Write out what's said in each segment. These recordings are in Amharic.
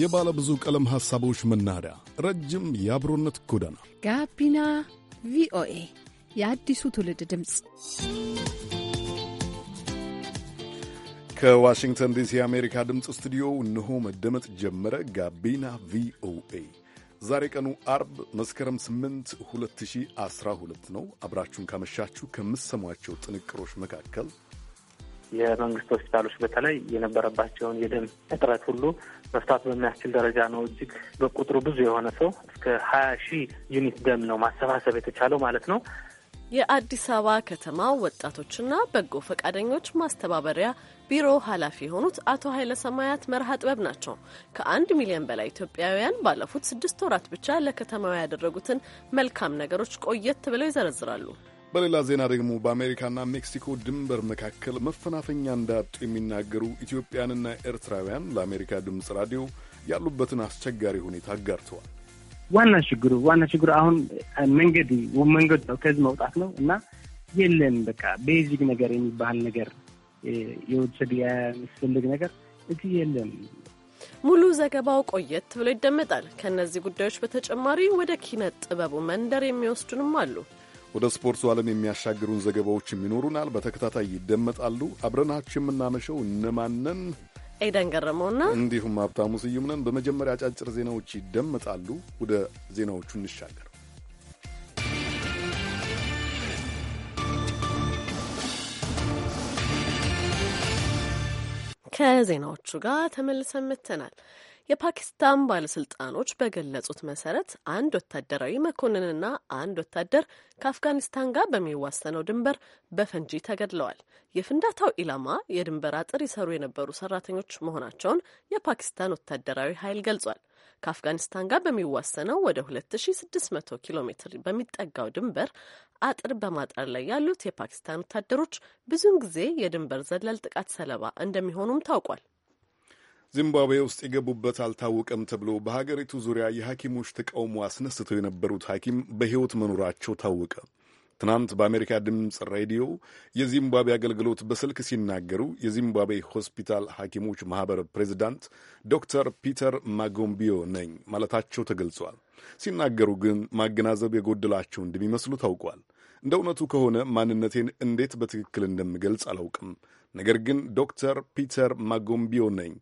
የባለ ብዙ ቀለም ሐሳቦች መናኸሪያ፣ ረጅም የአብሮነት ጎዳና፣ ጋቢና ቪኦኤ የአዲሱ ትውልድ ድምፅ። ከዋሽንግተን ዲሲ የአሜሪካ ድምፅ ስቱዲዮ እንሆ መደመጥ ጀመረ። ጋቢና ቪኦኤ ዛሬ ቀኑ አርብ መስከረም 8 2012 ነው። አብራችሁን ካመሻችሁ ከምትሰሟቸው ጥንቅሮች መካከል የመንግስት ሆስፒታሎች በተለይ የነበረባቸውን የደም እጥረት ሁሉ መፍታት በሚያስችል ደረጃ ነው። እጅግ በቁጥሩ ብዙ የሆነ ሰው እስከ ሀያ ሺህ ዩኒት ደም ነው ማሰባሰብ የተቻለው ማለት ነው። የአዲስ አበባ ከተማ ወጣቶችና በጎ ፈቃደኞች ማስተባበሪያ ቢሮ ኃላፊ የሆኑት አቶ ኃይለ ሰማያት መርሃ ጥበብ ናቸው። ከአንድ ሚሊዮን በላይ ኢትዮጵያውያን ባለፉት ስድስት ወራት ብቻ ለከተማዋ ያደረጉትን መልካም ነገሮች ቆየት ብለው ይዘረዝራሉ። በሌላ ዜና ደግሞ በአሜሪካና ሜክሲኮ ድንበር መካከል መፈናፈኛ እንዳጡ የሚናገሩ ኢትዮጵያንና ኤርትራውያን ለአሜሪካ ድምፅ ራዲዮ ያሉበትን አስቸጋሪ ሁኔታ አጋርተዋል። ዋና ችግሩ ዋና ችግሩ አሁን መንገድ መንገድ ነው፣ ከዚህ መውጣት ነው እና የለን በቃ ቤዚግ ነገር የሚባል ነገር የወሰድ የሚስፈልግ ነገር እዚህ የለም። ሙሉ ዘገባው ቆየት ብሎ ይደመጣል። ከእነዚህ ጉዳዮች በተጨማሪ ወደ ኪነ ጥበቡ መንደር የሚወስዱንም አሉ። ወደ ስፖርቱ ዓለም የሚያሻግሩን ዘገባዎች ይኖሩናል፣ በተከታታይ ይደመጣሉ። አብረናችሁ የምናመሸው እነማንን ኤደን ገረመውና እንዲሁም ሀብታሙ ስዩም ነን። በመጀመሪያ አጫጭር ዜናዎች ይደመጣሉ። ወደ ዜናዎቹ እንሻገር። ከዜናዎቹ ጋር ተመልሰን መጥተናል። የፓኪስታን ባለስልጣኖች በገለጹት መሰረት አንድ ወታደራዊ መኮንንና አንድ ወታደር ከአፍጋኒስታን ጋር በሚዋሰነው ድንበር በፈንጂ ተገድለዋል። የፍንዳታው ኢላማ የድንበር አጥር ይሰሩ የነበሩ ሰራተኞች መሆናቸውን የፓኪስታን ወታደራዊ ኃይል ገልጿል። ከአፍጋኒስታን ጋር በሚዋሰነው ወደ 2600 ኪሎ ሜትር በሚጠጋው ድንበር አጥር በማጠር ላይ ያሉት የፓኪስታን ወታደሮች ብዙውን ጊዜ የድንበር ዘለል ጥቃት ሰለባ እንደሚሆኑም ታውቋል። ዚምባብዌ ውስጥ የገቡበት አልታወቀም ተብሎ በሀገሪቱ ዙሪያ የሐኪሞች ተቃውሞ አስነስተው የነበሩት ሐኪም በሕይወት መኖራቸው ታወቀ። ትናንት በአሜሪካ ድምፅ ሬዲዮ የዚምባብዌ አገልግሎት በስልክ ሲናገሩ የዚምባብዌ ሆስፒታል ሐኪሞች ማኅበር ፕሬዚዳንት ዶክተር ፒተር ማጎምቢዮ ነኝ ማለታቸው ተገልጿል። ሲናገሩ ግን ማገናዘብ የጎደላቸው እንደሚመስሉ ታውቋል። እንደ እውነቱ ከሆነ ማንነቴን እንዴት በትክክል እንደምገልጽ አላውቅም፣ ነገር ግን ዶክተር ፒተር ማጎምቢዮ ነኝ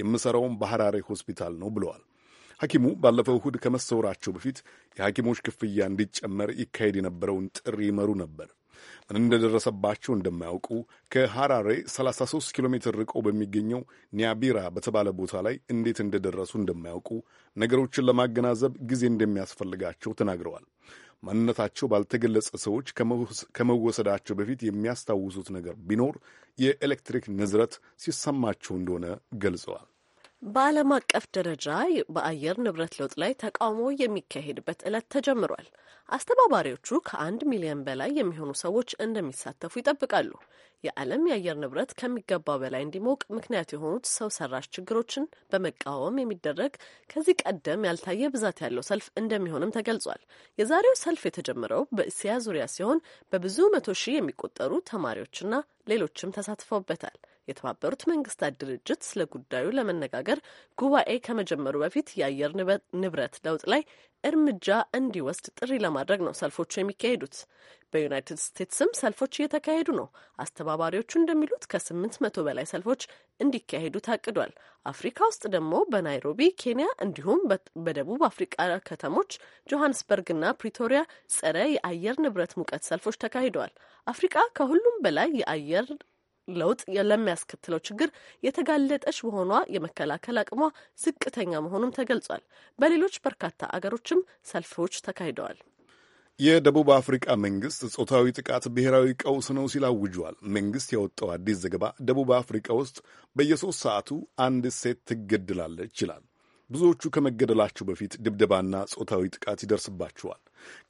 የምሠራውም በሐራሬ ሆስፒታል ነው ብለዋል። ሐኪሙ ባለፈው እሁድ ከመሰወራቸው በፊት የሐኪሞች ክፍያ እንዲጨመር ይካሄድ የነበረውን ጥሪ ይመሩ ነበር። ምን እንደደረሰባቸው እንደማያውቁ ከሐራሬ 33 ኪሎ ሜትር ርቆ በሚገኘው ኒያቢራ በተባለ ቦታ ላይ እንዴት እንደደረሱ እንደማያውቁ፣ ነገሮችን ለማገናዘብ ጊዜ እንደሚያስፈልጋቸው ተናግረዋል። ማንነታቸው ባልተገለጸ ሰዎች ከመወሰዳቸው በፊት የሚያስታውሱት ነገር ቢኖር የኤሌክትሪክ ንዝረት ሲሰማቸው እንደሆነ ገልጸዋል። በዓለም አቀፍ ደረጃ በአየር ንብረት ለውጥ ላይ ተቃውሞ የሚካሄድበት ዕለት ተጀምሯል። አስተባባሪዎቹ ከአንድ ሚሊዮን በላይ የሚሆኑ ሰዎች እንደሚሳተፉ ይጠብቃሉ። የዓለም የአየር ንብረት ከሚገባው በላይ እንዲሞቅ ምክንያት የሆኑት ሰው ሰራሽ ችግሮችን በመቃወም የሚደረግ ከዚህ ቀደም ያልታየ ብዛት ያለው ሰልፍ እንደሚሆንም ተገልጿል። የዛሬው ሰልፍ የተጀመረው በእስያ ዙሪያ ሲሆን በብዙ መቶ ሺህ የሚቆጠሩ ተማሪዎችና ሌሎችም ተሳትፈውበታል። የተባበሩት መንግስታት ድርጅት ስለ ጉዳዩ ለመነጋገር ጉባኤ ከመጀመሩ በፊት የአየር ንብረት ለውጥ ላይ እርምጃ እንዲወስድ ጥሪ ለማድረግ ነው ሰልፎቹ የሚካሄዱት። በዩናይትድ ስቴትስም ሰልፎች እየተካሄዱ ነው። አስተባባሪዎቹ እንደሚሉት ከስምንት መቶ በላይ ሰልፎች እንዲካሄዱ ታቅዷል። አፍሪካ ውስጥ ደግሞ በናይሮቢ ኬንያ፣ እንዲሁም በደቡብ አፍሪቃ ከተሞች ጆሀንስበርግና ፕሪቶሪያ ጸረ የአየር ንብረት ሙቀት ሰልፎች ተካሂደዋል። አፍሪቃ ከሁሉም በላይ የአየር ለውጥ ለሚያስከትለው ችግር የተጋለጠች መሆኗ የመከላከል አቅሟ ዝቅተኛ መሆኑም ተገልጿል። በሌሎች በርካታ አገሮችም ሰልፎች ተካሂደዋል። የደቡብ አፍሪቃ መንግስት ጾታዊ ጥቃት ብሔራዊ ቀውስ ነው ሲል አውጇል። መንግስት ያወጣው አዲስ ዘገባ ደቡብ አፍሪቃ ውስጥ በየሶስት ሰዓቱ አንድ ሴት ትገድላለች ይላል። ብዙዎቹ ከመገደላቸው በፊት ድብደባና ጾታዊ ጥቃት ይደርስባቸዋል።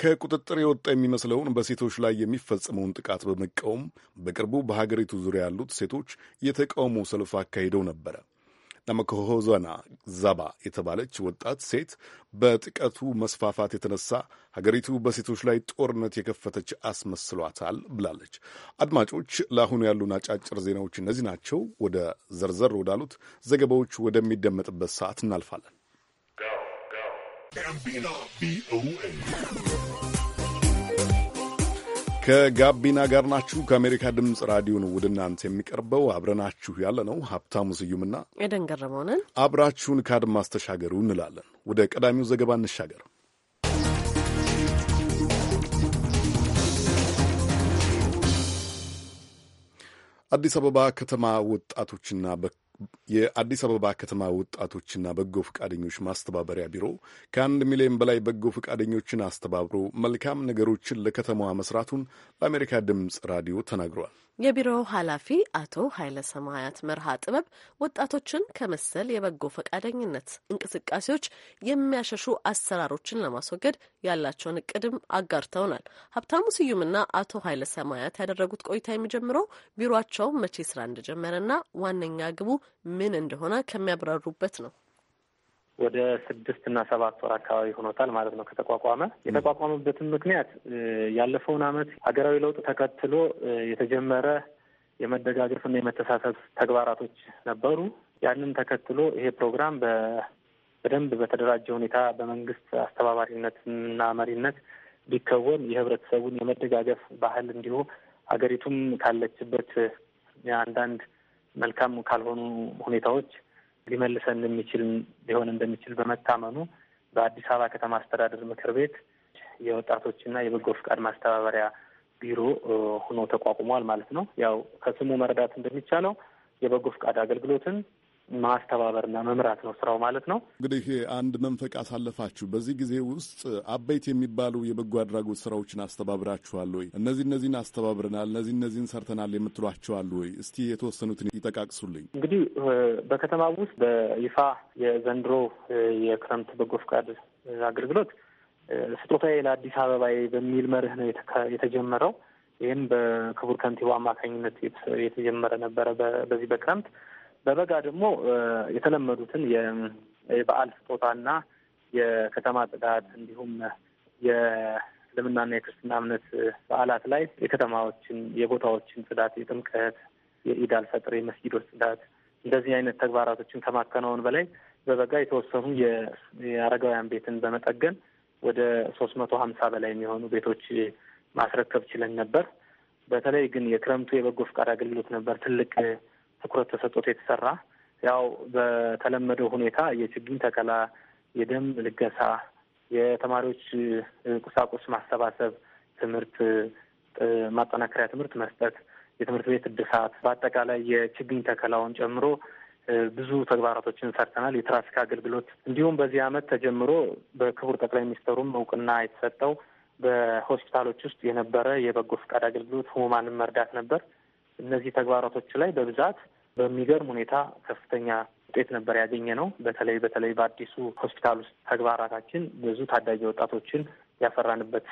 ከቁጥጥር የወጣ የሚመስለውን በሴቶች ላይ የሚፈጸመውን ጥቃት በመቃወም በቅርቡ በሀገሪቱ ዙሪያ ያሉት ሴቶች የተቃውሞ ሰልፍ አካሂደው ነበረ። ናመኮሆዘና ዛባ የተባለች ወጣት ሴት በጥቃቱ መስፋፋት የተነሳ ሀገሪቱ በሴቶች ላይ ጦርነት የከፈተች አስመስሏታል ብላለች። አድማጮች፣ ለአሁኑ ያሉን አጫጭር ዜናዎች እነዚህ ናቸው። ወደ ዘርዘር ወዳሉት ዘገባዎች ወደሚደመጥበት ሰዓት እናልፋለን። ከጋቢና ጋር ናችሁ። ከአሜሪካ ድምፅ ራዲዮን ነው ወደ እናንተ የሚቀርበው። አብረናችሁ ያለ ነው ሀብታሙ ስዩምና ኤደን ገረመውንን። አብራችሁን ከአድማስ ተሻገሩ እንላለን። ወደ ቀዳሚው ዘገባ እንሻገር። አዲስ አበባ ከተማ ወጣቶችና የአዲስ አበባ ከተማ ወጣቶችና በጎ ፈቃደኞች ማስተባበሪያ ቢሮ ከአንድ ሚሊዮን በላይ በጎ ፈቃደኞችን አስተባብሮ መልካም ነገሮችን ለከተማዋ መስራቱን ለአሜሪካ ድምፅ ራዲዮ ተናግሯል። የቢሮው ኃላፊ አቶ ኃይለ ሰማያት መርሃ ጥበብ ወጣቶችን ከመሰል የበጎ ፈቃደኝነት እንቅስቃሴዎች የሚያሸሹ አሰራሮችን ለማስወገድ ያላቸውን እቅድም አጋርተውናል። ሀብታሙ ስዩምና አቶ ኃይለ ሰማያት ያደረጉት ቆይታ የሚጀምረው ቢሮቸው መቼ ስራ እንደጀመረና ዋነኛ ግቡ ምን እንደሆነ ከሚያብራሩበት ነው። ወደ ስድስት እና ሰባት ወር አካባቢ ሆኖታል ማለት ነው ከተቋቋመ። የተቋቋመበትም ምክንያት ያለፈውን አመት ሀገራዊ ለውጥ ተከትሎ የተጀመረ የመደጋገፍ እና የመተሳሰብ ተግባራቶች ነበሩ። ያንን ተከትሎ ይሄ ፕሮግራም በደንብ በተደራጀ ሁኔታ በመንግስት አስተባባሪነት ና መሪነት ቢከወን የህብረተሰቡን የመደጋገፍ ባህል እንዲሁ ሀገሪቱም ካለችበት አንዳንድ መልካም ካልሆኑ ሁኔታዎች ሊመልሰን የሚችል ሊሆን እንደሚችል በመታመኑ በአዲስ አበባ ከተማ አስተዳደር ምክር ቤት የወጣቶችና የበጎ ፍቃድ ማስተባበሪያ ቢሮ ሆኖ ተቋቁሟል ማለት ነው። ያው ከስሙ መረዳት እንደሚቻለው የበጎ ፍቃድ አገልግሎትን ማስተባበርና መምራት ነው ስራው ማለት ነው። እንግዲህ አንድ መንፈቅ አሳለፋችሁ። በዚህ ጊዜ ውስጥ አበይት የሚባሉ የበጎ አድራጎት ስራዎችን አስተባብራችኋል ወይ? እነዚህ እነዚህን አስተባብረናል፣ እነዚህ እነዚህን ሰርተናል የምትሏቸዋል ወይ? እስቲ የተወሰኑትን ይጠቃቅሱልኝ። እንግዲህ በከተማ ውስጥ በይፋ የዘንድሮ የክረምት በጎ ፈቃድ አገልግሎት ስጦታዬ ለአዲስ አበባ በሚል መርህ ነው የተጀመረው። ይህም በክቡር ከንቲባ አማካኝነት የተጀመረ ነበረ። በዚህ በክረምት በበጋ ደግሞ የተለመዱትን የበዓል ስጦታና የከተማ ጽዳት እንዲሁም የእስልምናና የክርስትና እምነት በዓላት ላይ የከተማዎችን የቦታዎችን ጽዳት፣ የጥምቀት፣ የኢድ አልፈጥር፣ የመስጊዶች ጽዳት እንደዚህ አይነት ተግባራቶችን ከማከናወን በላይ በበጋ የተወሰኑ የአረጋውያን ቤትን በመጠገን ወደ ሶስት መቶ ሀምሳ በላይ የሚሆኑ ቤቶች ማስረከብ ችለን ነበር። በተለይ ግን የክረምቱ የበጎ ፈቃድ አገልግሎት ነበር ትልቅ ትኩረት ተሰጥቶት የተሰራ ያው በተለመደው ሁኔታ የችግኝ ተከላ፣ የደም ልገሳ፣ የተማሪዎች ቁሳቁስ ማሰባሰብ፣ ትምህርት ማጠናከሪያ ትምህርት መስጠት፣ የትምህርት ቤት እድሳት፣ በአጠቃላይ የችግኝ ተከላውን ጨምሮ ብዙ ተግባራቶችን ሰርተናል። የትራፊክ አገልግሎት እንዲሁም በዚህ ዓመት ተጀምሮ በክቡር ጠቅላይ ሚኒስትሩም እውቅና የተሰጠው በሆስፒታሎች ውስጥ የነበረ የበጎ ፈቃድ አገልግሎት ህሙማንን መርዳት ነበር። እነዚህ ተግባራቶች ላይ በብዛት በሚገርም ሁኔታ ከፍተኛ ውጤት ነበር ያገኘ ነው። በተለይ በተለይ በአዲሱ ሆስፒታል ውስጥ ተግባራታችን ብዙ ታዳጊ ወጣቶችን ያፈራንበት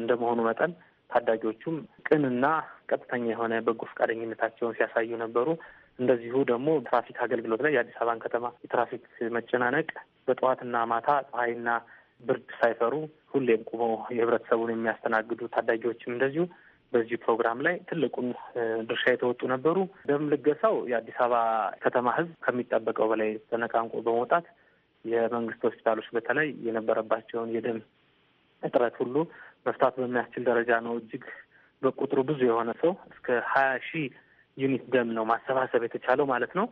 እንደመሆኑ መጠን ታዳጊዎቹም ቅንና ቀጥተኛ የሆነ በጎ ፈቃደኝነታቸውን ሲያሳዩ ነበሩ። እንደዚሁ ደግሞ ትራፊክ አገልግሎት ላይ የአዲስ አበባን ከተማ የትራፊክ መጨናነቅ በጠዋትና ማታ ፀሐይና ብርድ ሳይፈሩ ሁሌም ቁመው የህብረተሰቡን የሚያስተናግዱ ታዳጊዎችም እንደዚሁ በዚህ ፕሮግራም ላይ ትልቁን ድርሻ የተወጡ ነበሩ። ደም ልገሳው የአዲስ አበባ ከተማ ህዝብ ከሚጠበቀው በላይ ተነቃንቆ በመውጣት የመንግስት ሆስፒታሎች በተለይ የነበረባቸውን የደም እጥረት ሁሉ መፍታት በሚያስችል ደረጃ ነው። እጅግ በቁጥሩ ብዙ የሆነ ሰው እስከ ሀያ ሺህ ዩኒት ደም ነው ማሰባሰብ የተቻለው ማለት ነው።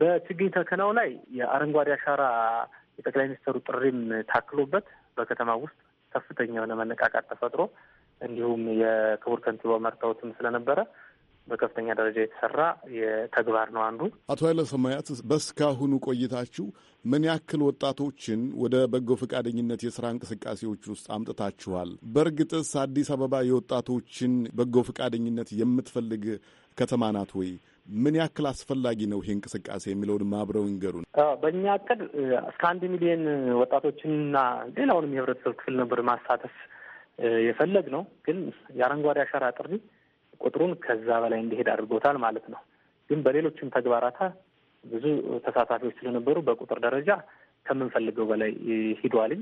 በችግኝ ተከናው ላይ የአረንጓዴ አሻራ የጠቅላይ ሚኒስትሩ ጥሪም ታክሎበት በከተማ ውስጥ ከፍተኛ የሆነ መነቃቃት ተፈጥሮ እንዲሁም የክቡር ከንቲባ መርታውትም ስለነበረ በከፍተኛ ደረጃ የተሰራ ተግባር ነው አንዱ። አቶ ኃይለ ሰማያት በስካሁኑ ቆይታችሁ ምን ያክል ወጣቶችን ወደ በጎ ፈቃደኝነት የስራ እንቅስቃሴዎች ውስጥ አምጥታችኋል? በእርግጥስ አዲስ አበባ የወጣቶችን በጎ ፈቃደኝነት የምትፈልግ ከተማ ናት ወይ? ምን ያክል አስፈላጊ ነው ይሄ እንቅስቃሴ የሚለውን አብረው ይንገሩን። በእኛ እቅድ እስከ አንድ ሚሊዮን ወጣቶችንና ሌላውንም የህብረተሰብ ክፍል ነበር ማሳተፍ የፈለግ ነው። ግን የአረንጓዴ አሻራ ጥሪ ቁጥሩን ከዛ በላይ እንዲሄድ አድርጎታል ማለት ነው። ግን በሌሎችም ተግባራታ ብዙ ተሳታፊዎች ስለነበሩ በቁጥር ደረጃ ከምንፈልገው በላይ ሂዷልኝ።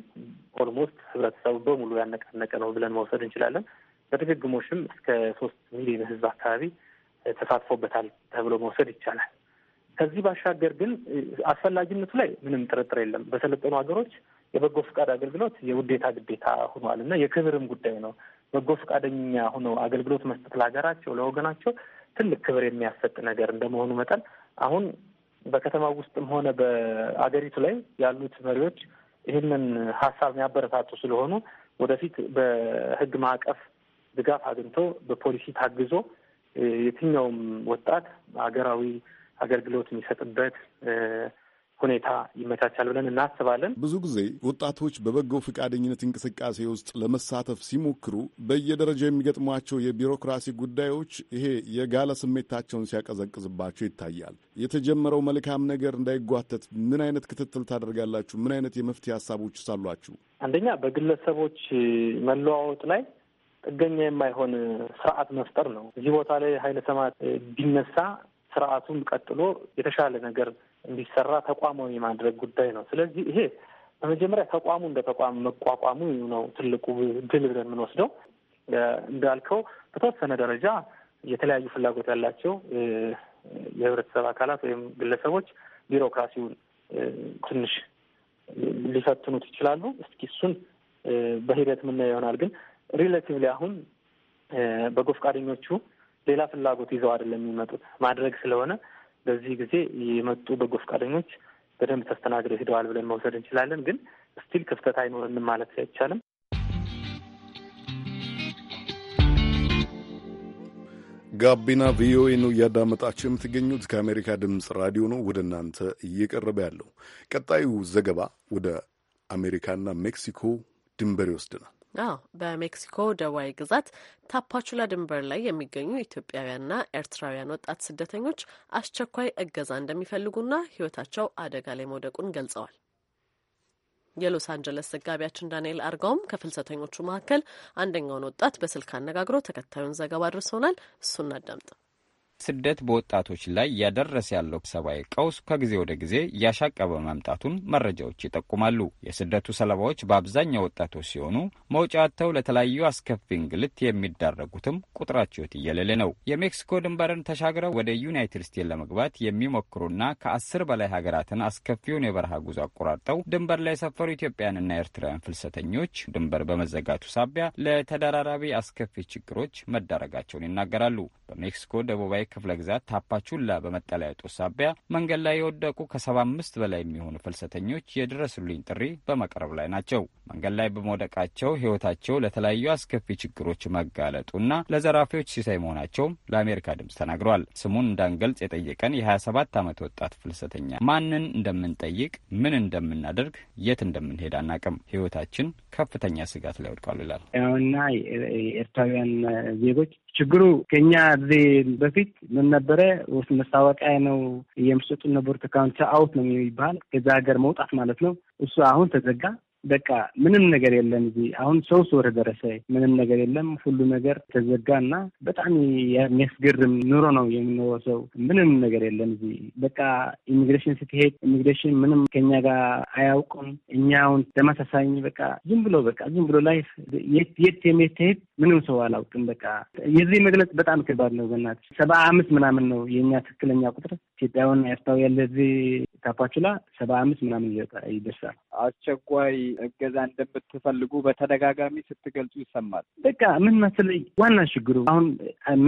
ኦልሞስት ህብረተሰቡ በሙሉ ያነቃነቀ ነው ብለን መውሰድ እንችላለን። በድግግሞሽም እስከ ሶስት ሚሊዮን ህዝብ አካባቢ ተሳትፎበታል ተብሎ መውሰድ ይቻላል። ከዚህ ባሻገር ግን አስፈላጊነቱ ላይ ምንም ጥርጥር የለም። በሰለጠኑ ሀገሮች የበጎ ፈቃድ አገልግሎት የውዴታ ግዴታ ሆኗል እና የክብርም ጉዳይ ነው። በጎ ፈቃደኛ ሆነው አገልግሎት መስጠት ለሀገራቸው፣ ለወገናቸው ትልቅ ክብር የሚያሰጥ ነገር እንደመሆኑ መጠን አሁን በከተማ ውስጥም ሆነ በአገሪቱ ላይ ያሉት መሪዎች ይህንን ሀሳብ የሚያበረታቱ ስለሆኑ ወደፊት በሕግ ማዕቀፍ ድጋፍ አግኝቶ በፖሊሲ ታግዞ የትኛውም ወጣት ሀገራዊ አገልግሎት የሚሰጥበት ሁኔታ ይመቻቻል ብለን እናስባለን። ብዙ ጊዜ ወጣቶች በበጎ ፈቃደኝነት እንቅስቃሴ ውስጥ ለመሳተፍ ሲሞክሩ በየደረጃው የሚገጥሟቸው የቢሮክራሲ ጉዳዮች ይሄ የጋለ ስሜታቸውን ሲያቀዘቅዝባቸው ይታያል። የተጀመረው መልካም ነገር እንዳይጓተት ምን አይነት ክትትል ታደርጋላችሁ? ምን አይነት የመፍትሄ ሀሳቦች አሏችሁ? አንደኛ በግለሰቦች መለዋወጥ ላይ ጥገኛ የማይሆን ስርዓት መፍጠር ነው። እዚህ ቦታ ላይ ኃይለ ሰማት ቢነሳ ስርዓቱን ቀጥሎ የተሻለ ነገር እንዲሰራ ተቋማዊ የማድረግ ጉዳይ ነው። ስለዚህ ይሄ በመጀመሪያ ተቋሙ እንደ ተቋም መቋቋሙ ነው ትልቁ ድል ብለን የምንወስደው። እንዳልከው በተወሰነ ደረጃ የተለያዩ ፍላጎት ያላቸው የህብረተሰብ አካላት ወይም ግለሰቦች ቢሮክራሲውን ትንሽ ሊፈትኑት ይችላሉ። እስኪ እሱን በሂደት የምናየው ይሆናል። ግን ሪሌቲቭሊ አሁን በጎ ፈቃደኞቹ ሌላ ፍላጎት ይዘው አይደለም የሚመጡት ማድረግ ስለሆነ በዚህ ጊዜ የመጡ በጎ ፈቃደኞች በደንብ ተስተናግደው ሄደዋል ብለን መውሰድ እንችላለን። ግን ስቲል ክፍተት አይኖርንም ማለት አይቻልም። ጋቢና ቪኦኤ ነው እያዳመጣችሁ የምትገኙት። ከአሜሪካ ድምፅ ራዲዮ ነው ወደ እናንተ እየቀረበ ያለው። ቀጣዩ ዘገባ ወደ አሜሪካና ሜክሲኮ ድንበር ይወስድናል። አዎ በሜክሲኮ ደቡባዊ ግዛት ታፓቹላ ድንበር ላይ የሚገኙ ኢትዮጵያውያንና ኤርትራውያን ወጣት ስደተኞች አስቸኳይ እገዛ እንደሚፈልጉና ሕይወታቸው አደጋ ላይ መውደቁን ገልጸዋል። የሎስ አንጀለስ ዘጋቢያችን ዳንኤል አርጋውም ከፍልሰተኞቹ መካከል አንደኛውን ወጣት በስልክ አነጋግሮ ተከታዩን ዘገባ አድርሶናል። እሱን እናዳምጥ። ስደት በወጣቶች ላይ እያደረሰ ያለው ሰብአዊ ቀውስ ከጊዜ ወደ ጊዜ እያሻቀበ መምጣቱን መረጃዎች ይጠቁማሉ። የስደቱ ሰለባዎች በአብዛኛው ወጣቶች ሲሆኑ መውጫ አጥተው ለተለያዩ አስከፊ እንግልት የሚዳረጉትም ቁጥራቸው እየሌለ ነው። የሜክሲኮ ድንበርን ተሻግረው ወደ ዩናይትድ ስቴትስ ለመግባት የሚሞክሩና ከአስር በላይ ሀገራትን አስከፊውን የበረሃ ጉዞ አቆራርጠው ድንበር ላይ የሰፈሩ ኢትዮጵያውያንና ኤርትራውያን ፍልሰተኞች ድንበር በመዘጋቱ ሳቢያ ለተደራራቢ አስከፊ ችግሮች መዳረጋቸውን ይናገራሉ። በሜክሲኮ ደቡባዊ ክፍለ ግዛት ታፓቹላ በመጠለያጡ ሳቢያ መንገድ ላይ የወደቁ ከሰባ አምስት በላይ የሚሆኑ ፍልሰተኞች የድረሱልኝ ጥሪ በመቅረብ ላይ ናቸው። መንገድ ላይ በመውደቃቸው ሕይወታቸው ለተለያዩ አስከፊ ችግሮች መጋለጡና ለዘራፊዎች ሲሳይ መሆናቸውም ለአሜሪካ ድምፅ ተናግረዋል። ስሙን እንዳንገልጽ የጠየቀን የ27 ዓመት ወጣት ፍልሰተኛ ማንን እንደምንጠይቅ፣ ምን እንደምናደርግ፣ የት እንደምንሄድ አናቅም። ሕይወታችን ከፍተኛ ስጋት ላይ ወድቋል ይላል እና ኤርትራውያን ዜጎች ችግሩ ከኛ ጊዜ በፊት ምን ነበረ ውስጥ መስታወቂያ ነው የሚሰጡ ነበሩት አካውንት አውት ነው የሚባል ከዚ ሀገር መውጣት ማለት ነው። እሱ አሁን ተዘጋ። በቃ ምንም ነገር የለም እዚህ አሁን ሰው ሰወር ደረሰ ምንም ነገር የለም። ሁሉ ነገር ተዘጋ እና በጣም የሚያስገርም ኑሮ ነው የሚኖረው ሰው ምንም ነገር የለም እዚህ በቃ ኢሚግሬሽን ስትሄድ ኢሚግሬሽን ምንም ከኛ ጋር አያውቁም። እኛ አሁን ተመሳሳይ በቃ ዝም ብሎ በቃ ዝም ብሎ ላይፍ የት የት የሚትሄድ ምንም ሰው አላውቅም። በቃ የዚህ መግለጽ በጣም ከባድ ነው። በናት ሰባ አምስት ምናምን ነው የእኛ ትክክለኛ ቁጥር ኢትዮጵያውን ያስታው ያለ እዚህ ካፓቹላ ሰባ አምስት ምናምን ይደርሳል። አስቸኳይ እገዛ እንደምትፈልጉ በተደጋጋሚ ስትገልጹ ይሰማል። በቃ ምን መሰለኝ ዋና ችግሩ አሁን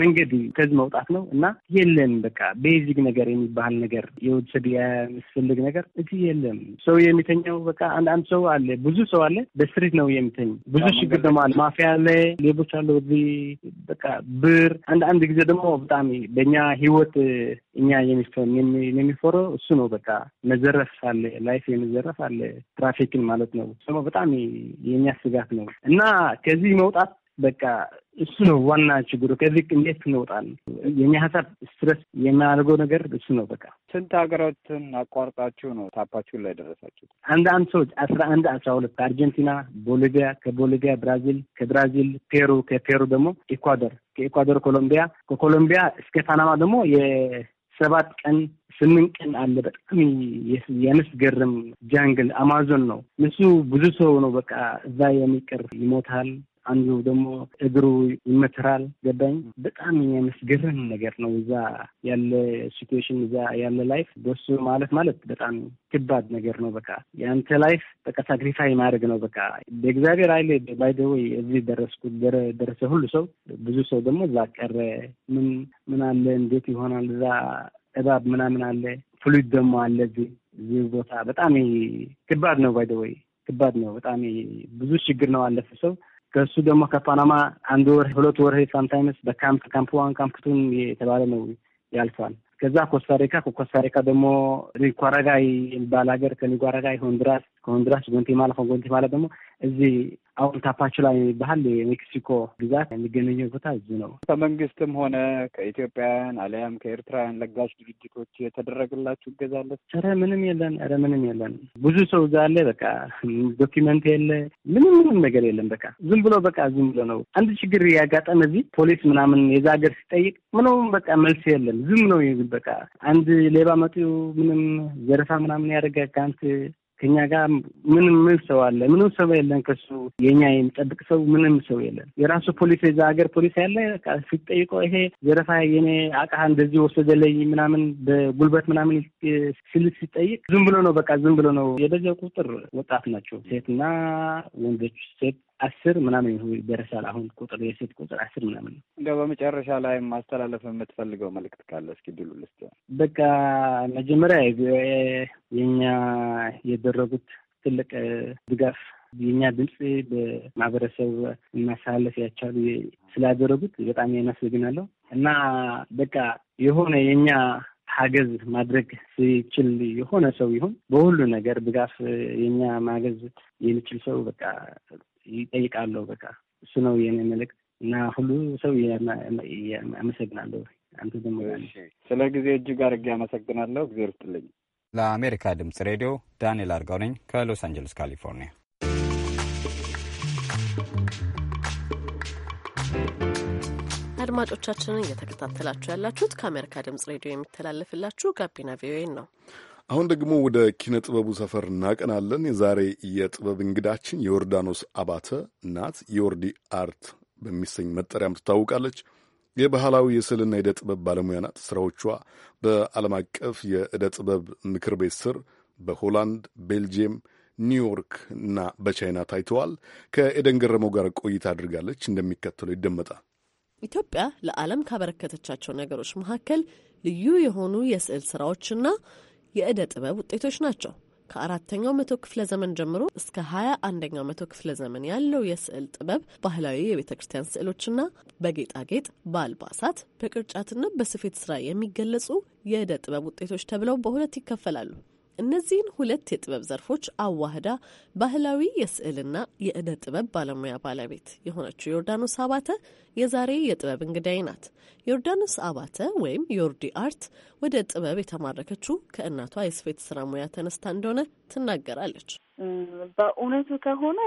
መንገድ ከዚህ መውጣት ነው እና የለም በቃ ቤዚግ ነገር የሚባል ነገር የወሰድ የሚስፈልግ ነገር እዚህ የለም። ሰው የሚተኛው በቃ አንድ ሰው አለ፣ ብዙ ሰው አለ፣ በስትሪት ነው የሚተኝ። ብዙ ችግር ደግሞ አለ፣ ማፊያ አለ፣ ሌቦች አለ። በቃ ብር አንድ አንድ ጊዜ ደግሞ በጣም በእኛ ህይወት እኛ የሚፈረው እሱ ነው። በቃ መዘረፍ አለ፣ ላይፍ የመዘረፍ አለ፣ ትራፊክን ማለት ነው። ጸባው በጣም የሚያስጋት ነው እና ከዚህ መውጣት በቃ እሱ ነው ዋና ችግሩ። ከዚህ እንዴት እንወጣል? የኛ ሀሳብ ስትረስ የሚያደርገው ነገር እሱ ነው። በቃ ስንት ሀገራትን አቋርጣችሁ ነው ታፓችሁን ላይ ደረሳችሁ? አንድ አንድ ሰዎች አስራ አንድ አስራ ሁለት አርጀንቲና፣ ቦሊቪያ፣ ከቦሊቪያ ብራዚል፣ ከብራዚል ፔሩ፣ ከፔሩ ደግሞ ኢኳዶር፣ ከኢኳዶር ኮሎምቢያ፣ ከኮሎምቢያ እስከ ፓናማ ደግሞ ሰባት ቀን ስምንት ቀን አለ። በጣም የሚያስገርም ጃንግል አማዞን ነው። ንሱ ብዙ ሰው ነው በቃ እዛ የሚቀር ይሞታል፣ አንዱ ደግሞ እግሩ ይመትራል። ገባኝ በጣም የሚያስገርም ነገር ነው። እዛ ያለ ሲትዌሽን፣ እዛ ያለ ላይፍ በሱ ማለት ማለት በጣም ከባድ ነገር ነው። በቃ የአንተ ላይፍ በቃ ሳክሪፋይ ማድረግ ነው። በቃ በእግዚአብሔር ኃይል ባይደወይ እዚህ ደረስኩ ደረሰ ሁሉ ሰው ብዙ ሰው ደግሞ እዛ ቀረ። ምን ምን አለ እንዴት ይሆናል? እዛ እባብ ምናምን አለ ፍሉይድ ደግሞ አለ። እዚህ ቦታ በጣም ከባድ ነው። ባይደወይ ከባድ ነው። በጣም ብዙ ችግር ነው አለፈ ሰው ከእሱ ደግሞ ከፓናማ አንድ ወር ሁለት ወር ሳምታይምስ በካምፕ ካምፕ ዋን ካምፕ ቱን የተባለ ነው ያልፈዋል። ከዛ ኮስታሪካ ከኮስታሪካ ደግሞ ኒጓራጋይ የሚባል ሀገር ከኒጓራጋይ ሆንድራስ ከሆንድራስ ጎንቴማላ ከጎንቴማላ ደግሞ እዚህ አሁን ላይ የሚባል የሜክሲኮ ግዛት የሚገኘው ቦታ እዚ ነው። ከመንግስትም ሆነ ከኢትዮጵያውያን አሊያም ከኤርትራውያን ለጋሽ ድርጅቶች የተደረገላችሁ እገዛ አለ? ኧረ ምንም የለን። ኧረ ምንም የለን። ብዙ ሰው እዛ አለ። በቃ ዶኪመንት የለ፣ ምንም ምንም ነገር የለም። በቃ ዝም ብሎ በቃ ዝም ብሎ ነው። አንድ ችግር ያጋጠመ እዚህ ፖሊስ ምናምን የዛ ሀገር ሲጠይቅ ምንም በቃ መልስ የለም። ዝም ነው በቃ አንድ ሌባ መጡ ምንም ዘረፋ ምናምን ያደርጋል ከአንተ ከኛ ጋር ምንም ምን ሰው አለ? ምንም ሰው የለን። ከሱ የኛ የሚጠብቅ ሰው ምንም ሰው የለን። የራሱ ፖሊስ የዛ ሀገር ፖሊስ ያለ ሲጠይቆ ይሄ ዘረፋ የኔ አቃህ እንደዚህ ወሰደለኝ ምናምን በጉልበት ምናምን ሲል ሲጠይቅ ዝም ብሎ ነው በቃ ዝም ብሎ ነው። የበዛው ቁጥር ወጣት ናቸው፣ ሴትና ወንዶች ሴት አስር ምናምን ይደረሳል አሁን ቁጥር የሴት ቁጥር አስር ምናምን ነው። እንደው በመጨረሻ ላይ ማስተላለፍ የምትፈልገው መልዕክት ካለ እስኪ ድሉ ልስጥ። በቃ መጀመሪያ የኛ የደረጉት ትልቅ ድጋፍ የኛ ድምፅ በማህበረሰብ እናሳለፍ ያቻሉ ስላደረጉት በጣም እናመሰግናለሁ። እና በቃ የሆነ የኛ ሀገዝ ማድረግ ሲችል የሆነ ሰው ይሁን በሁሉ ነገር ድጋፍ የኛ ማገዝ የሚችል ሰው በቃ ይጠይቃለሁ። በቃ እሱ ነው የኔ መልእክት እና ሁሉ ሰው አመሰግናለሁ። አንተ ደሞ ስለ ጊዜ እጅግ አድርጌ አመሰግናለሁ። ጊዜ ርስትልኝ። ለአሜሪካ ድምጽ ሬዲዮ ዳንኤል አርጋው ነኝ ከሎስ አንጀለስ ካሊፎርኒያ። አድማጮቻችንን እየተከታተላችሁ ያላችሁት ከአሜሪካ ድምጽ ሬዲዮ የሚተላለፍላችሁ ጋቢና ቪኦኤ ነው። አሁን ደግሞ ወደ ኪነ ጥበቡ ሰፈር እናቀናለን። የዛሬ የጥበብ እንግዳችን የዮርዳኖስ አባተ ናት። የወርዲ አርት በሚሰኝ መጠሪያም ትታወቃለች። የባህላዊ የስዕልና የዕደ ጥበብ ባለሙያ ናት። ስራዎቿ በዓለም አቀፍ የዕደ ጥበብ ምክር ቤት ስር በሆላንድ፣ ቤልጅየም፣ ኒውዮርክ እና በቻይና ታይተዋል። ከኤደን ገረመው ጋር ቆይታ አድርጋለች። እንደሚከተለው ይደመጣል። ኢትዮጵያ ለዓለም ካበረከተቻቸው ነገሮች መካከል ልዩ የሆኑ የስዕል ስራዎችና የእደ ጥበብ ውጤቶች ናቸው። ከአራተኛው መቶ ክፍለ ዘመን ጀምሮ እስከ ሀያ አንደኛው መቶ ክፍለ ዘመን ያለው የስዕል ጥበብ ባህላዊ የቤተ ክርስቲያን ስዕሎችና በጌጣጌጥ በአልባሳት፣ በቅርጫትና በስፌት ስራ የሚገለጹ የእደ ጥበብ ውጤቶች ተብለው በሁለት ይከፈላሉ። እነዚህን ሁለት የጥበብ ዘርፎች አዋህዳ ባህላዊ የስዕልና የእደ ጥበብ ባለሙያ ባለቤት የሆነችው ዮርዳኖስ አባተ የዛሬ የጥበብ እንግዳይ ናት። ዮርዳኖስ አባተ ወይም ዮርዲ አርት ወደ ጥበብ የተማረከችው ከእናቷ የስፌት ስራ ሙያ ተነስታ እንደሆነ ትናገራለች። በእውነቱ ከሆነ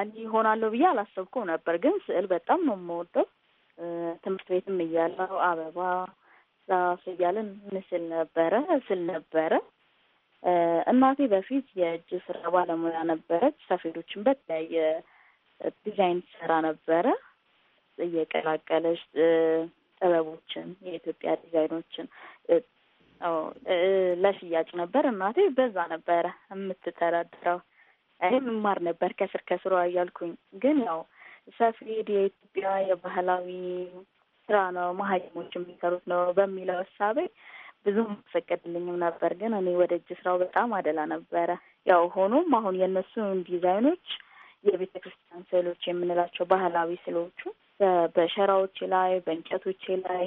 አንድ ይሆናለሁ ብዬ አላሰብኩም ነበር፣ ግን ስዕል በጣም ነው የምወደው። ትምህርት ቤትም እያለው አበባ ዛፍ እያለን ምስል ነበረ ስል ነበረ እናቴ በፊት የእጅ ስራ ባለሙያ ነበረች። ሰፌዶችን በተለያየ ዲዛይን ትሰራ ነበረ እየቀላቀለች ጥበቦችን የኢትዮጵያ ዲዛይኖችን ለሽያጭ ነበር እናቴ በዛ ነበረ የምትተዳድረው። እኔም እማር ነበር ከስር ከስሯ እያልኩኝ ግን ያው ሰፌድ የኢትዮጵያ የባህላዊ ስራ ነው፣ መሀይሞች የሚሰሩት ነው በሚለው እሳቤ ብዙም አይፈቀድልኝም ነበር፣ ግን እኔ ወደ እጅ ስራው በጣም አደላ ነበረ። ያው ሆኖም አሁን የእነሱን ዲዛይኖች የቤተ ክርስቲያን ስዕሎች የምንላቸው ባህላዊ ስዕሎቹ በሸራዎቼ ላይ በእንጨቶቼ ላይ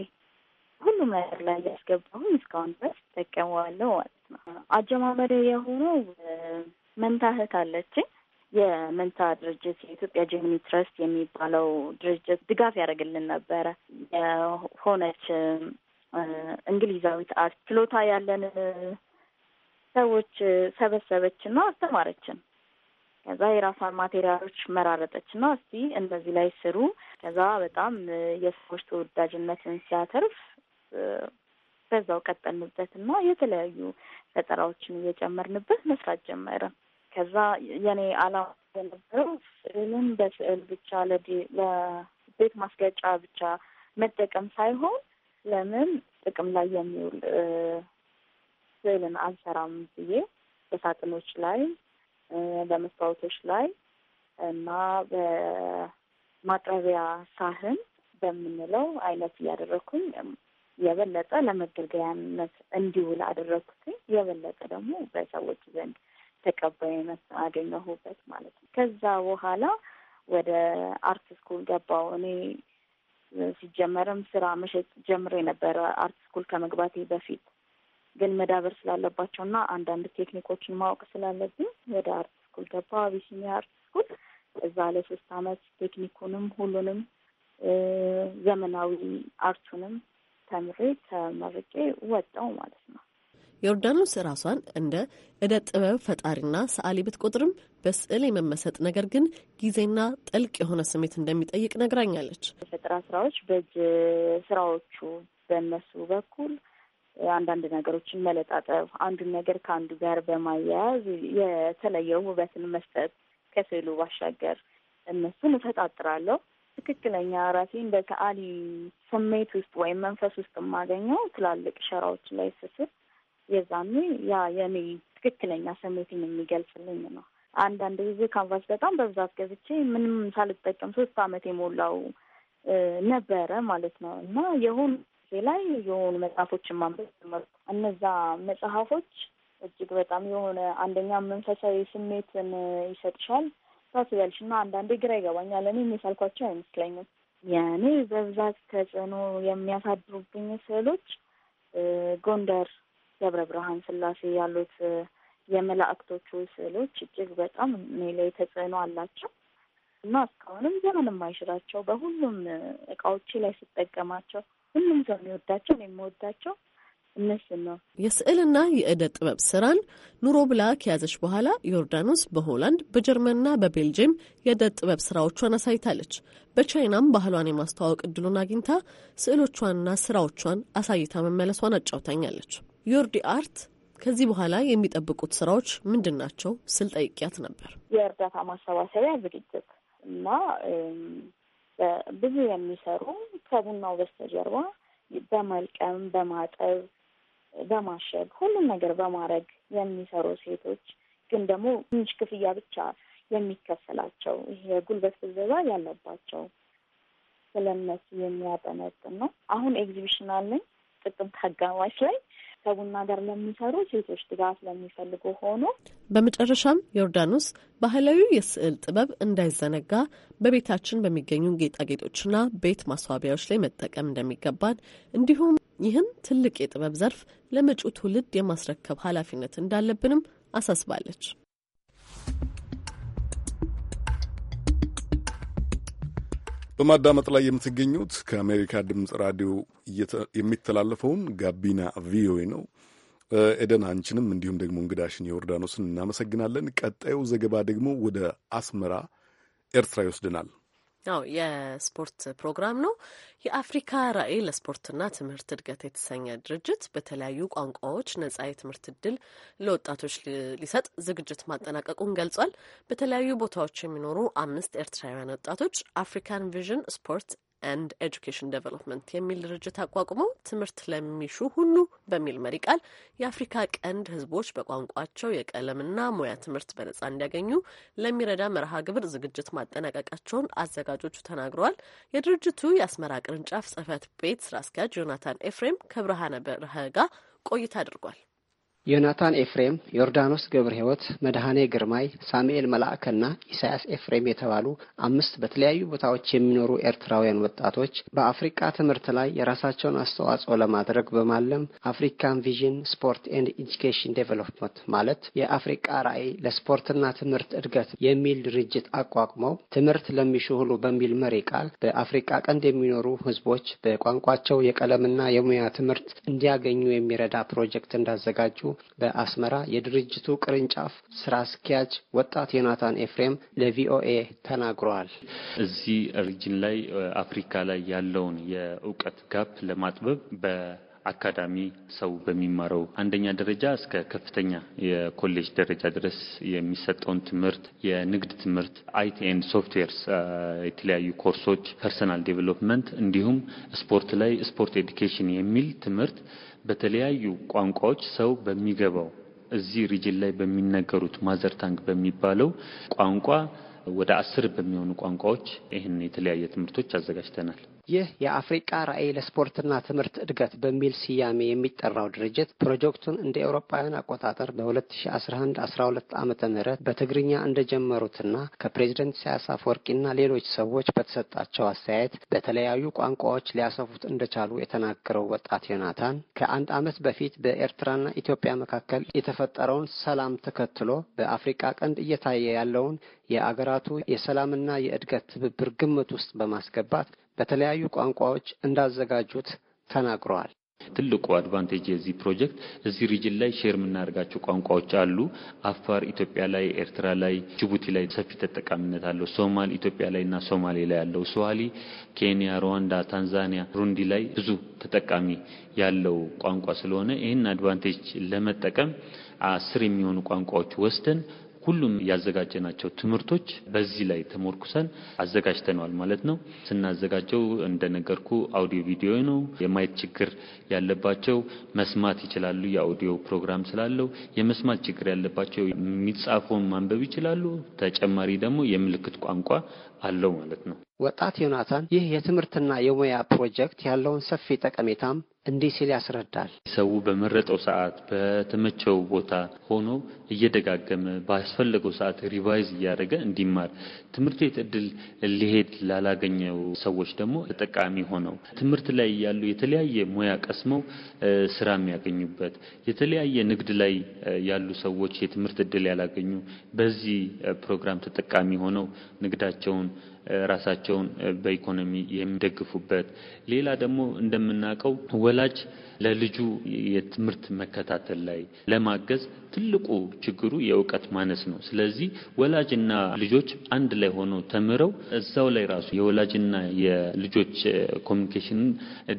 ሁሉም ነገር ላይ እያስገባሁኝ እስካሁን ድረስ እጠቀመዋለሁ ማለት ነው። አጀማመሪ የሆነው መንታ እህት አለችኝ። የመንታ ድርጅት የኢትዮጵያ ጀሚኒ ትረስት የሚባለው ድርጅት ድጋፍ ያደርግልን ነበረ። የሆነች እንግሊዛዊት አርት ችሎታ ያለን ሰዎች ሰበሰበች አስተማረችን። ከዛ የራሷን ማቴሪያሎች መራረጠች እና እስቲ እንደዚህ ላይ ስሩ። ከዛ በጣም የሰዎች ተወዳጅነትን ሲያተርፍ በዛው ቀጠልንበት የተለያዩ ፈጠራዎችን እየጨመርንበት መስራት ጀመረ። ከዛ የኔ አላማ የነበረው ስዕልን በስዕል ብቻ ለቤት ማስጌጫ ብቻ መጠቀም ሳይሆን ለምን ጥቅም ላይ የሚውል ስዕልን አልሰራም ብዬ በሳጥኖች ላይ በመስታወቶች ላይ እና በማቅረቢያ ሳህን በምንለው አይነት እያደረግኩኝ የበለጠ ለመገልገያነት እንዲውል አደረግኩትኝ። የበለጠ ደግሞ በሰዎች ዘንድ ተቀባይነት አገኘሁበት ማለት ነው። ከዛ በኋላ ወደ አርት ስኩል ገባው። እኔ ሲጀመርም ስራ መሸጥ ጀምሮ የነበረ አርት ስኩል ከመግባቴ በፊት ግን መዳበር ስላለባቸውና አንዳንድ ቴክኒኮችን ማወቅ ስላለብኝ ወደ አርት ስኩል ገባ አቢሲኒያ አርት ስኩል። እዛ ለሶስት አመት ቴክኒኩንም ሁሉንም ዘመናዊ አርቱንም ተምሬ ተመርቄ ወጣው ማለት ነው። ዮርዳኖስ ራሷን እንደ እደ ጥበብ ፈጣሪና ሰዓሊ ብትቆጥርም በስዕል የመመሰጥ ነገር ግን ጊዜና ጥልቅ የሆነ ስሜት እንደሚጠይቅ ነግራኛለች። የፈጠራ ስራዎች በእጅ ስራዎቹ በእነሱ በኩል አንዳንድ ነገሮችን መለጣጠብ፣ አንዱን ነገር ከአንዱ ጋር በማያያዝ የተለየ ውበትን መስጠት ከስዕሉ ባሻገር እነሱን እፈጣጥራለሁ። ትክክለኛ ራሴን እንደ ስሜት ውስጥ ወይም መንፈስ ውስጥ የማገኘው ትላልቅ ሸራዎች ላይ ስስል የዛኔ ያ የኔ ትክክለኛ ስሜትን የሚገልጽልኝ ነው። አንዳንድ ጊዜ ካንቫስ በጣም በብዛት ገዝቼ ምንም ሳልጠቀም ሶስት አመት የሞላው ነበረ ማለት ነው እና የሆኑ ጊዜ ላይ የሆኑ መጽሐፎችን ማንበብ ጀመሩ። እነዛ መጽሐፎች እጅግ በጣም የሆነ አንደኛ መንፈሳዊ ስሜትን ይሰጥሻል ታስቢያለሽ እና አንዳንዴ ግራ ይገባኛል። እኔ የሚሳልኳቸው አይመስለኝም። የእኔ በብዛት ተጽዕኖ የሚያሳድሩብኝ ስዕሎች ጎንደር ደብረ ብርሃን ስላሴ ያሉት የመላእክቶቹ ስዕሎች እጅግ በጣም እኔ ላይ ተጽዕኖ አላቸው እና እስካሁንም ዘመን የማይሽራቸው በሁሉም እቃዎች ላይ ስጠቀማቸው ሁሉም ሰው የሚወዳቸው የሚወዳቸው እነሱ ነው። የስዕልና የእደ ጥበብ ስራን ኑሮ ብላ ከያዘች በኋላ ዮርዳኖስ በሆላንድ በጀርመንና በቤልጅየም የእደ ጥበብ ስራዎቿን አሳይታለች። በቻይናም ባህሏን የማስተዋወቅ እድሉን አግኝታ ስዕሎቿንና ስራዎቿን አሳይታ መመለሷን አጫውታኛለች። ዮርዲ አርት ከዚህ በኋላ የሚጠብቁት ስራዎች ምንድን ናቸው ስል ጠይቂያት ነበር። የእርዳታ ማሰባሰቢያ ዝግጅት እና ብዙ የሚሰሩ ከቡናው በስተጀርባ በመልቀም፣ በማጠብ፣ በማሸግ ሁሉም ነገር በማድረግ የሚሰሩ ሴቶች ግን ደግሞ ትንሽ ክፍያ ብቻ የሚከፈላቸው ይሄ የጉልበት ብዝበዛ ያለባቸው ስለነሱ የሚያጠነጥን ነው። አሁን ኤግዚቢሽን አለኝ ጥቅምት አጋማሽ ላይ ከቡና ጋር ለሚሰሩ ሴቶች ድጋፍ ለሚፈልጉ ሆኖ በመጨረሻም ዮርዳኖስ ባህላዊ የስዕል ጥበብ እንዳይዘነጋ በቤታችን በሚገኙ ጌጣጌጦችና ቤት ማስዋቢያዎች ላይ መጠቀም እንደሚገባን እንዲሁም ይህም ትልቅ የጥበብ ዘርፍ ለመጪው ትውልድ የማስረከብ ኃላፊነት እንዳለብንም አሳስባለች። በማዳመጥ ላይ የምትገኙት ከአሜሪካ ድምፅ ራዲዮ የሚተላለፈውን ጋቢና ቪኦኤ ነው። ኤደን አንችንም እንዲሁም ደግሞ እንግዳሽን የዮርዳኖስን እናመሰግናለን። ቀጣዩ ዘገባ ደግሞ ወደ አስመራ ኤርትራ ይወስደናል። አዎ የስፖርት ፕሮግራም ነው። የአፍሪካ ራዕይ ለስፖርትና ትምህርት እድገት የተሰኘ ድርጅት በተለያዩ ቋንቋዎች ነጻ የትምህርት እድል ለወጣቶች ሊሰጥ ዝግጅት ማጠናቀቁን ገልጿል። በተለያዩ ቦታዎች የሚኖሩ አምስት ኤርትራውያን ወጣቶች አፍሪካን ቪዥን ስፖርት ኤንድ ኤጁኬሽን ዴቨሎፕመንት የሚል ድርጅት አቋቁመው ትምህርት ለሚሹ ሁሉ በሚል መሪ ቃል የአፍሪካ ቀንድ ህዝቦች በቋንቋቸው የቀለምና ሙያ ትምህርት በነጻ እንዲያገኙ ለሚረዳ መርሃ ግብር ዝግጅት ማጠናቀቃቸውን አዘጋጆቹ ተናግረዋል። የድርጅቱ የአስመራ ቅርንጫፍ ጽህፈት ቤት ስራ አስኪያጅ ዮናታን ኤፍሬም ከብርሃነ በረሀ ጋር ቆይታ አድርጓል። ዮናታን ኤፍሬም፣ ዮርዳኖስ ገብረ ሕይወት፣ መድኃኔ ግርማይ፣ ሳሙኤል መላእከና ኢሳያስ ኤፍሬም የተባሉ አምስት በተለያዩ ቦታዎች የሚኖሩ ኤርትራውያን ወጣቶች በአፍሪቃ ትምህርት ላይ የራሳቸውን አስተዋጽኦ ለማድረግ በማለም አፍሪካን ቪዥን ስፖርት ኤንድ ኤጁኬሽን ዴቨሎፕመንት ማለት የአፍሪቃ ራዕይ ለስፖርትና ትምህርት እድገት የሚል ድርጅት አቋቁመው ትምህርት ለሚሹ ሁሉ በሚል መሪ ቃል በአፍሪቃ ቀንድ የሚኖሩ ህዝቦች በቋንቋቸው የቀለምና የሙያ ትምህርት እንዲያገኙ የሚረዳ ፕሮጀክት እንዳዘጋጁ በአስመራ የድርጅቱ ቅርንጫፍ ስራ አስኪያጅ ወጣት ዮናታን ኤፍሬም ለቪኦኤ ተናግረዋል። እዚህ ሪጅን ላይ አፍሪካ ላይ ያለውን የእውቀት ጋፕ ለማጥበብ በ አካዳሚ ሰው በሚማረው አንደኛ ደረጃ እስከ ከፍተኛ የኮሌጅ ደረጃ ድረስ የሚሰጠውን ትምህርት፣ የንግድ ትምህርት፣ አይቲ ኤንድ ሶፍትዌርስ፣ የተለያዩ ኮርሶች፣ ፐርሰናል ዴቨሎፕመንት እንዲሁም ስፖርት ላይ ስፖርት ኤዱኬሽን የሚል ትምህርት በተለያዩ ቋንቋዎች ሰው በሚገባው እዚህ ሪጅን ላይ በሚነገሩት ማዘርታንግ በሚባለው ቋንቋ ወደ አስር በሚሆኑ ቋንቋዎች ይህን የተለያየ ትምህርቶች አዘጋጅተናል። ይህ የአፍሪቃ ራዕይ ለስፖርትና ትምህርት እድገት በሚል ስያሜ የሚጠራው ድርጅት ፕሮጀክቱን እንደ ኤውሮጳውያን አቆጣጠር በ2011 12 ዓ ም በትግርኛ እንደጀመሩትና ከፕሬዚደንት ኢሳያስ አፈወርቂና ሌሎች ሰዎች በተሰጣቸው አስተያየት በተለያዩ ቋንቋዎች ሊያሰፉት እንደቻሉ የተናገረው ወጣት ዮናታን ከአንድ ዓመት በፊት በኤርትራና ኢትዮጵያ መካከል የተፈጠረውን ሰላም ተከትሎ በአፍሪቃ ቀንድ እየታየ ያለውን የአገራቱ የሰላምና የእድገት ትብብር ግምት ውስጥ በማስገባት በተለያዩ ቋንቋዎች እንዳዘጋጁት ተናግረዋል። ትልቁ አድቫንቴጅ የዚህ ፕሮጀክት እዚህ ሪጅን ላይ ሼር የምናደርጋቸው ቋንቋዎች አሉ። አፋር ኢትዮጵያ ላይ፣ ኤርትራ ላይ፣ ጅቡቲ ላይ ሰፊ ተጠቃሚነት አለው። ሶማል ኢትዮጵያ ላይ እና ሶማሌ ላይ ያለው፣ ስዋሂሊ ኬንያ፣ ሩዋንዳ፣ ታንዛኒያ፣ ሩንዲ ላይ ብዙ ተጠቃሚ ያለው ቋንቋ ስለሆነ ይህን አድቫንቴጅ ለመጠቀም አስር የሚሆኑ ቋንቋዎች ወስደን ሁሉም ያዘጋጀናቸው ትምህርቶች በዚህ ላይ ተሞርኩሰን አዘጋጅተነዋል ማለት ነው። ስናዘጋጀው እንደነገርኩ አውዲዮ ቪዲዮ ነው። የማየት ችግር ያለባቸው መስማት ይችላሉ። የአውዲዮ ፕሮግራም ስላለው የመስማት ችግር ያለባቸው የሚጻፈውን ማንበብ ይችላሉ። ተጨማሪ ደግሞ የምልክት ቋንቋ አለው ማለት ነው። ወጣት ዮናታን ይህ የትምህርትና የሙያ ፕሮጀክት ያለውን ሰፊ ጠቀሜታም እንዲህ ሲል ያስረዳል። ሰው በመረጠው ሰዓት በተመቸው ቦታ ሆኖ እየደጋገመ ባስፈለገው ሰዓት ሪቫይዝ እያደረገ እንዲማር ትምህርት ቤት እድል ሊሄድ ላላገኘው ሰዎች ደግሞ ተጠቃሚ ሆነው ትምህርት ላይ ያሉ የተለያየ ሙያ ቀስመው ስራ የሚያገኙበት የተለያየ ንግድ ላይ ያሉ ሰዎች የትምህርት እድል ያላገኙ በዚህ ፕሮግራም ተጠቃሚ ሆነው ንግዳቸውን ራሳቸውን በኢኮኖሚ የሚደግፉበት። ሌላ ደግሞ እንደምናውቀው ወላጅ ለልጁ የትምህርት መከታተል ላይ ለማገዝ ትልቁ ችግሩ የእውቀት ማነስ ነው። ስለዚህ ወላጅና ልጆች አንድ ላይ ሆኖ ተምረው እዛው ላይ ራሱ የወላጅና የልጆች ኮሚኒኬሽንን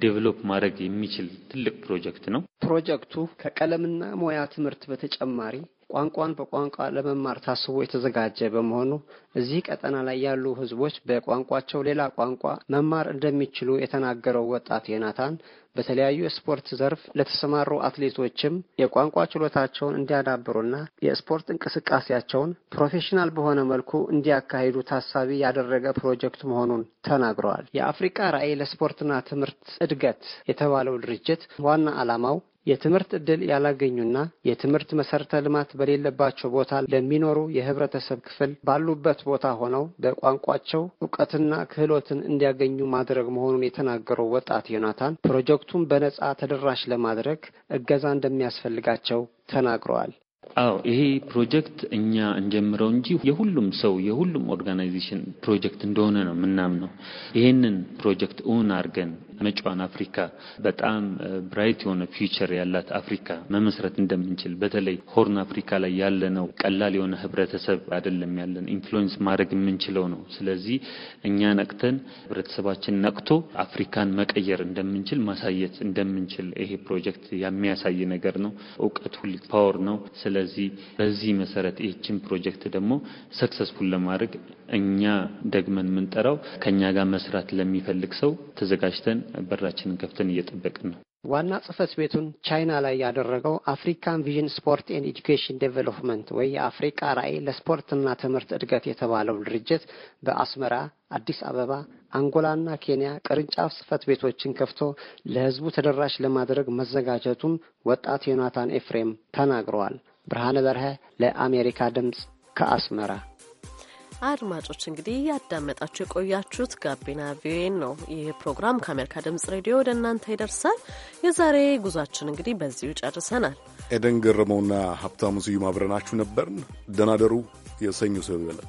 ዴቨሎፕ ማድረግ የሚችል ትልቅ ፕሮጀክት ነው። ፕሮጀክቱ ከቀለምና ሙያ ትምህርት በተጨማሪ ቋንቋን በቋንቋ ለመማር ታስቦ የተዘጋጀ በመሆኑ እዚህ ቀጠና ላይ ያሉ ህዝቦች በቋንቋቸው ሌላ ቋንቋ መማር እንደሚችሉ የተናገረው ወጣት የናታን በተለያዩ የስፖርት ዘርፍ ለተሰማሩ አትሌቶችም የቋንቋ ችሎታቸውን እንዲያዳብሩና የስፖርት እንቅስቃሴያቸውን ፕሮፌሽናል በሆነ መልኩ እንዲያካሂዱ ታሳቢ ያደረገ ፕሮጀክት መሆኑን ተናግረዋል። የአፍሪቃ ራዕይ ለስፖርትና ትምህርት እድገት የተባለው ድርጅት ዋና ዓላማው የትምህርት ዕድል ያላገኙና የትምህርት መሰረተ ልማት በሌለባቸው ቦታ ለሚኖሩ የህብረተሰብ ክፍል ባሉበት ቦታ ሆነው በቋንቋቸው እውቀትና ክህሎትን እንዲያገኙ ማድረግ መሆኑን የተናገረው ወጣት ዮናታን ፕሮጀክቱን በነጻ ተደራሽ ለማድረግ እገዛ እንደሚያስፈልጋቸው ተናግረዋል። አዎ ይሄ ፕሮጀክት እኛ እንጀምረው እንጂ የሁሉም ሰው የሁሉም ኦርጋናይዜሽን ፕሮጀክት እንደሆነ ነው የምናምነው። ይህንን ፕሮጀክት እውን አድርገን መጪዋን አፍሪካ በጣም ብራይት የሆነ ፊውቸር ያላት አፍሪካ መመስረት እንደምንችል በተለይ ሆርን አፍሪካ ላይ ያለነው ቀላል የሆነ ህብረተሰብ አይደለም ያለን ኢንፍሉዌንስ ማድረግ የምንችለው ነው። ስለዚህ እኛ ነቅተን ህብረተሰባችን ነቅቶ አፍሪካን መቀየር እንደምንችል ማሳየት እንደምንችል ይሄ ፕሮጀክት የሚያሳይ ነገር ነው። እውቀት ሁል ፓወር ነው። ስለዚህ በዚህ መሰረት ይህችን ፕሮጀክት ደግሞ ሰክሰስፉል ለማድረግ እኛ ደግመን የምንጠራው ከእኛ ጋር መስራት ለሚፈልግ ሰው ተዘጋጅተን በራችንን ከፍተን እየጠበቅን ነው። ዋና ጽህፈት ቤቱን ቻይና ላይ ያደረገው አፍሪካን ቪዥን ስፖርት ኤንድ ኤጁኬሽን ዴቨሎፕመንት ወይ የአፍሪቃ ራዕይ ለስፖርትና ትምህርት እድገት የተባለው ድርጅት በአስመራ፣ አዲስ አበባ፣ አንጎላና ኬንያ ቅርንጫፍ ጽህፈት ቤቶችን ከፍቶ ለህዝቡ ተደራሽ ለማድረግ መዘጋጀቱን ወጣት ዮናታን ኤፍሬም ተናግረዋል። ብርሃነ በርሀ ለአሜሪካ ድምፅ ከአስመራ። አድማጮች እንግዲህ ያዳመጣችሁ የቆያችሁት ጋቢና ቪኦኤን ነው። ይህ ፕሮግራም ከአሜሪካ ድምጽ ሬዲዮ ወደ እናንተ ይደርሳል። የዛሬ ጉዟችን እንግዲህ በዚሁ ጨርሰናል። ኤደን ገረመውና ሀብታሙ ስዩም አብረናችሁ ነበርን። ደናደሩ የሰኞ ሰው ይበላል።